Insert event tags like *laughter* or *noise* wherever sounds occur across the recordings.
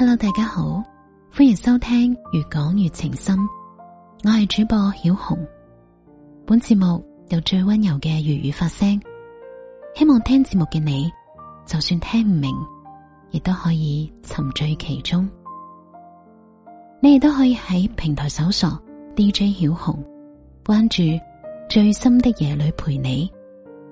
hello，大家好，歡迎收聽越講越情深，我係主播曉紅，本節目由最温柔嘅粵語發聲，希望聽節目嘅你，就算聽唔明，亦都可以沉醉其中。你亦都可以喺平台搜索 DJ 曉紅，關注最深的夜裏陪你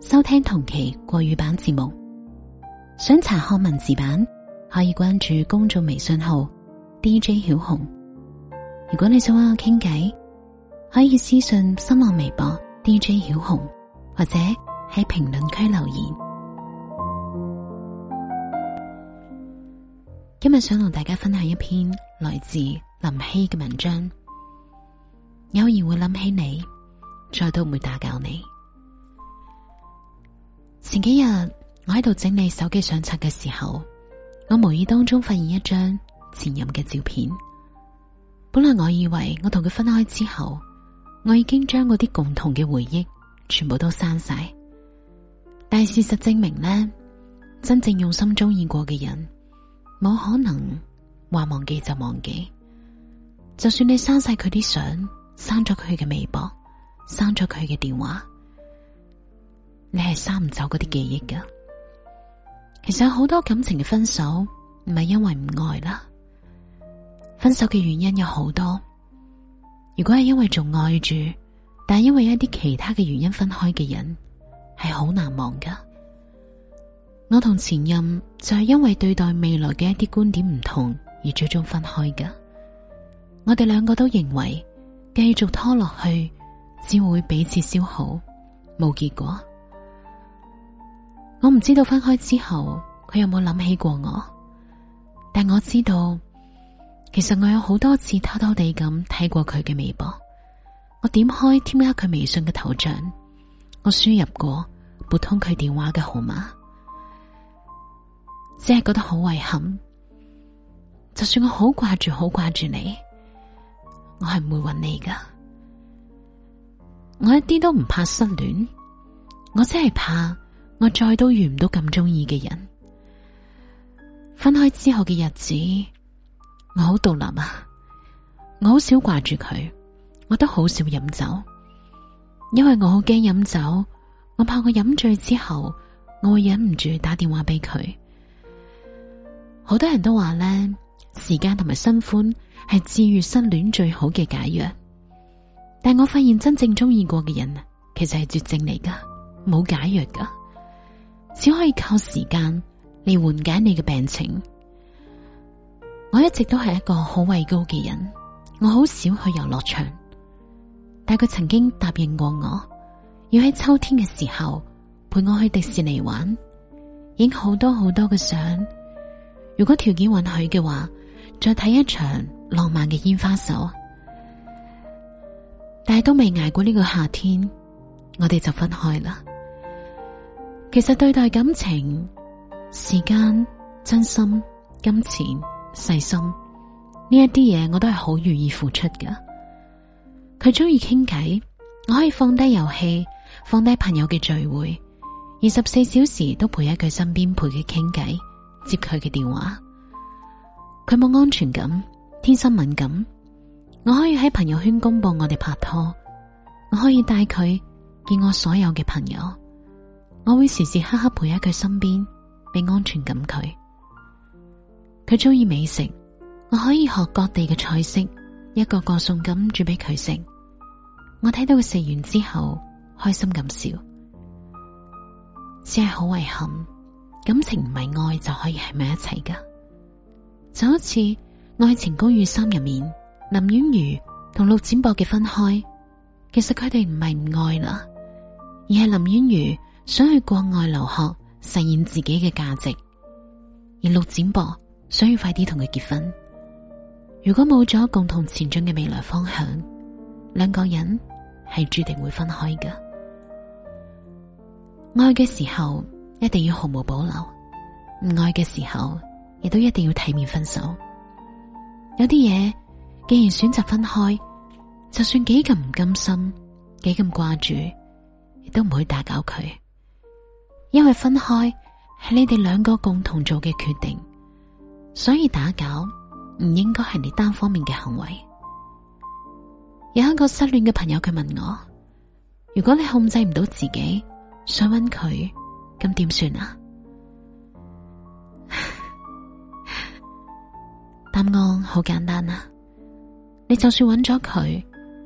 收聽同期國語版節目，想查看文字版。可以關注公眾微信號 DJ 曉紅。如果你想揾我傾偈，可以私信新浪微博 DJ 曉紅，或者喺評論區留言。 *noise* 今日想同大家分享一篇來自林希嘅文章。偶然會諗起你，再都唔會打攪你。前幾日我喺度整理手機相冊嘅時候，我無意當中發現一張前任嘅照片。本來我以為我同佢分開之後，我已經將嗰啲共同嘅回憶全部都刪晒。但係事實證明呢，真正用心中意過嘅人，冇可能話忘記就忘記。就算你刪晒佢啲相，刪咗佢嘅微博，刪咗佢嘅電話，你係刪唔走嗰啲記憶噶。其實有好多感情嘅分手唔係因為唔愛啦，分手嘅原因有好多。如果係因為仲愛住，但係因為一啲其他嘅原因分開嘅人，係好難忘噶。我同前任就係因為對待未來嘅一啲觀點唔同而最終分開噶。我哋兩個都認為繼續拖落去只會彼此消耗，冇結果。我唔知道分開之後佢有冇諗起過我，但我知道其實我有好多次偷偷地咁睇過佢嘅微博，我點開添加佢微信嘅頭像，我輸入過撥通佢電話嘅號碼，只係覺得好遺憾。就算我好掛住，好掛住你，我係唔會搵你噶。我一啲都唔怕失戀，我真係怕。我再都遇唔到咁中意嘅人。分開之後嘅日子，我好獨立啊。我好少掛住佢，我都好少飲酒，因為我好驚飲酒。我怕我飲醉之後，我會忍唔住打電話俾佢。好多人都話呢，時間同埋新歡係治愈失戀最好嘅解藥。但我發現真正中意過嘅人其實係絕症嚟噶，冇解藥噶。只可以靠時間嚟緩解你嘅病情。我一直都係一個好畏高嘅人，我好少去遊樂場。但佢曾經答應過我，要喺秋天嘅時候陪我去迪士尼玩，影好多好多嘅相。如果條件允許嘅話，再睇一場浪漫嘅煙花秀。但係都未挨過呢個夏天，我哋就分開啦。其實對待感情，時間、真心、金錢、細心呢一啲嘢，我都係好願意付出㗎。佢鍾意傾偈，我可以放低遊戲，放低朋友嘅聚會，二十四小時都陪喺佢身邊，陪佢傾偈，接佢嘅電話。佢冇安全感，天生敏感，我可以喺朋友圈公布我哋拍拖，我可以帶佢見我所有嘅朋友。我會時時刻刻陪喺佢身邊，俾安全感佢。佢鍾意美食，我可以學各地嘅菜式，一個個餸咁煮俾佢食。我睇到佢食完之後開心咁笑，只係好遺憾，感情唔係愛就可以喺埋一齊㗎。就好似《愛情公寓三》入面，林宛瑜同陸展博嘅分開，其實佢哋唔係唔愛啦，而係林宛瑜。想去國外留學，實現自己嘅價值；而陸展博想要快啲同佢結婚。如果冇咗共同前進嘅未來方向，兩個人係注定會分開㗎。愛嘅時候一定要毫無保留，唔愛嘅時候亦都一定要體面分手。有啲嘢既然選擇分開，就算幾咁唔甘心，幾咁掛住，亦都唔會打攪佢。因為分開係你哋兩個共同做嘅決定，所以打攪唔應該係你單方面嘅行為。有一個失戀嘅朋友佢問我：如果你控制唔到自己想揾佢，咁點算啊？答 *laughs* 案好簡單啊！你就算揾咗佢，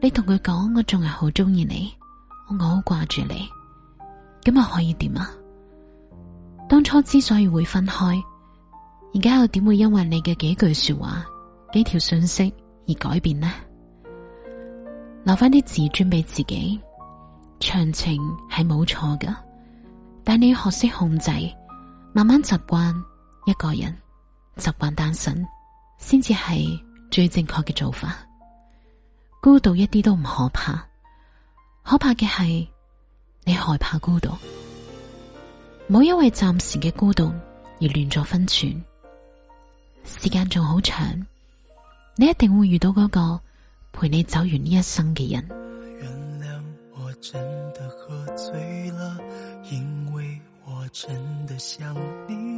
你同佢講我仲係好鍾意你，我好掛住你，咁啊可以點啊？當初之所以會分開，而家又點會因為你嘅幾句說話、幾條訊息而改變呢？留翻啲自尊俾自己，長情係冇錯㗎，但你要學識控制，慢慢習慣一個人，習慣單身，先至係最正確嘅做法。孤獨一啲都唔可怕，可怕嘅係你害怕孤獨。冇因為暫時嘅孤獨而亂咗分寸，時間仲好長，你一定會遇到嗰個陪你走完呢一生嘅人。原諒我真的喝醉了，因為我真的想你。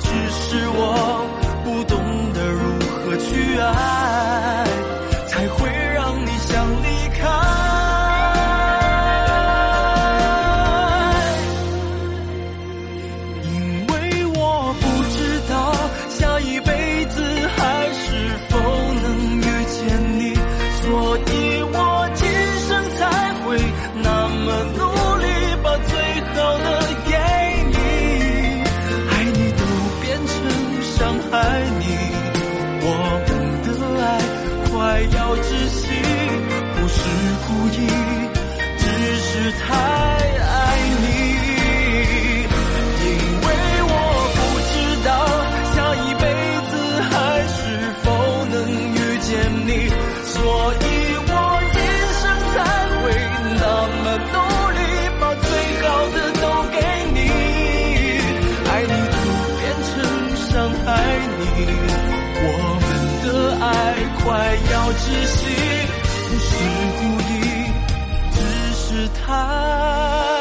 只是我。要窒息，不是故意，只是太。快要窒息，不是故意，只是太。